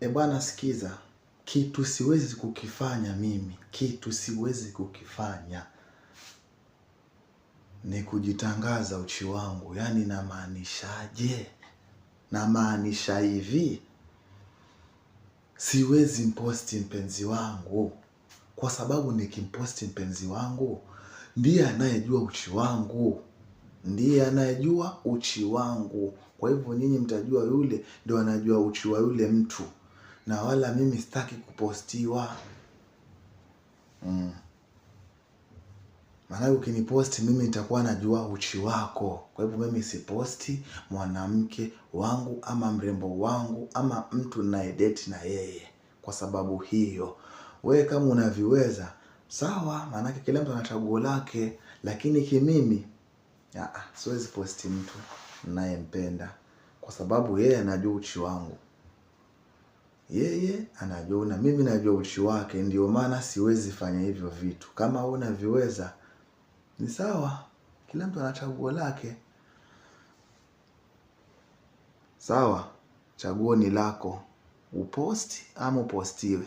E bwana, sikiza kitu siwezi kukifanya mimi, kitu siwezi kukifanya ni kujitangaza uchi wangu. Yaani namaanishaje? Namaanisha hivi, siwezi mposti mpenzi wangu, kwa sababu nikimposti mpenzi wangu ndiye anayejua uchi wangu, ndiye anayejua uchi wangu. Kwa hivyo nyinyi mtajua, yule ndio anajua uchi wa yule mtu na wala mimi sitaki kupostiwa mm. Maanake ukiniposti mimi nitakuwa najua uchi wako. Kwa hivyo mimi siposti mwanamke wangu ama mrembo wangu ama mtu nayedeti na yeye kwa sababu hiyo. Wewe kama unaviweza sawa, maanake kila mtu ana chaguo lake, lakini kimimi siwezi posti mtu nayempenda kwa sababu yeye anajua uchi wangu. Yeye anajua na mimi najua uchu wake, ndio maana siwezi fanya hivyo vitu. Kama wewe unaviweza ni sawa, kila mtu ana chaguo lake. Sawa, chaguo ni lako, uposti ama upostiwe.